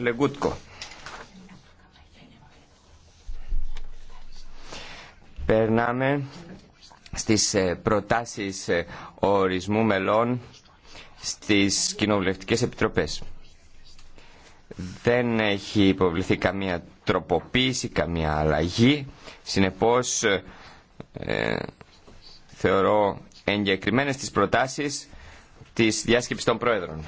Λεγκούτκο. Περνάμε στις ε, προτάσεις ε, ορισμού μελών στις κοινοβουλευτικές επιτροπές. Δεν έχει υποβληθεί καμία τροποποίηση, καμία αλλαγή. Συνεπώς ε, θεωρώ εγκεκριμένες τις προτάσεις της διάσκεψης των Πρόεδρων.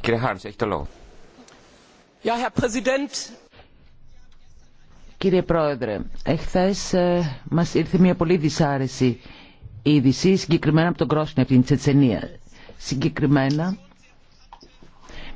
Κύριε Χάρμς, έχει το λόγο. Κύριε Πρόεδρε, εχθές ε, μας ήρθε μια πολύ δυσάρεση είδηση, συγκεκριμένα από τον Κρόσνη, από την Τσετσενία. Συγκεκριμένα,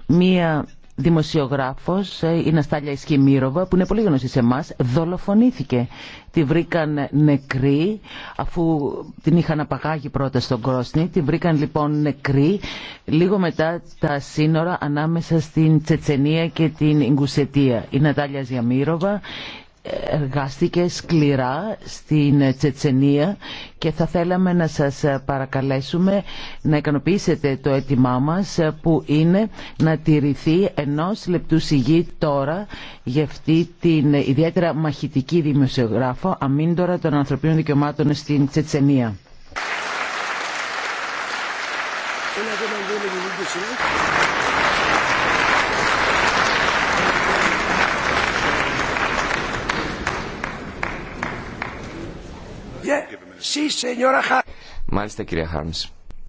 μια δημοσιογράφος, ε, η Ναστάλια Ισχυμίροβα, που είναι πολύ γνωστή σε εμά, δολοφονήθηκε. Τη βρήκαν νεκρή, αφού την είχαν απαγάγει πρώτα στον Κρόσνη. Τη βρήκαν λοιπόν νεκρή, λίγο μετά τα σύνορα ανάμεσα στην Τσετσενία και την Ιγκουσετία. Η Νατάλια Ζιαμίροβα εργάστηκε σκληρά στην Τσετσενία και θα θέλαμε να σας παρακαλέσουμε να ικανοποιήσετε το αίτημά μας που είναι να τηρηθεί ενός λεπτού σιγή τώρα για αυτή την ιδιαίτερα μαχητική δημοσιογράφο αμήντορα των ανθρωπίνων δικαιωμάτων στην Τσετσενία. Μάλιστα, κυρία Χάρμς.